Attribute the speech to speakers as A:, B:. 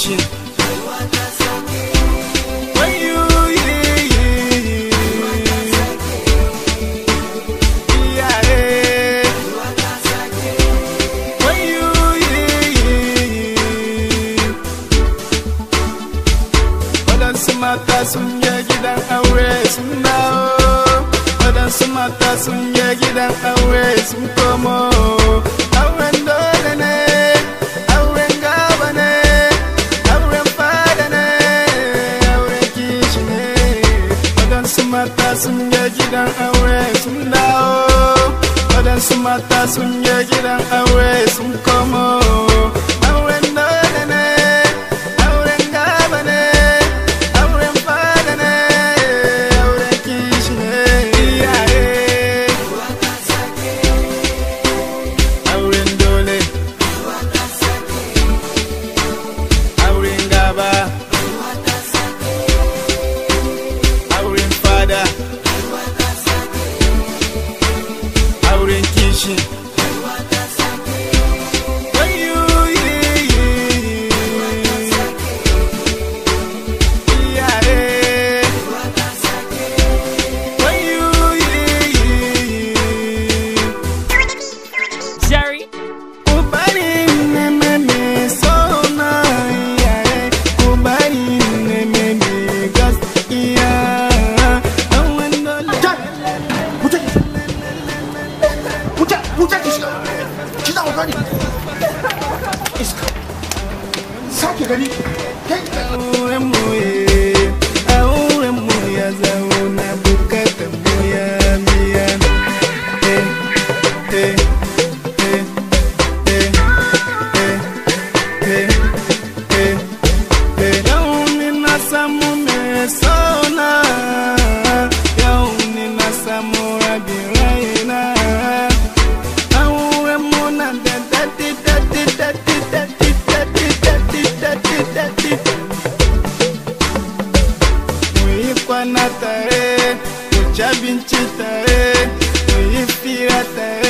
A: shit.
B: When you, yeah, yeah, yeah. When you, Wadansu mata sun je gidan aure sun dawo, wadansu mata sun je gidan aure sun komo. mata sun je gidan aure sun dawo waɗansu mata sun je gidan aure sun komo shit. gani eh, eh, eh, Some semana tare, mu o abinci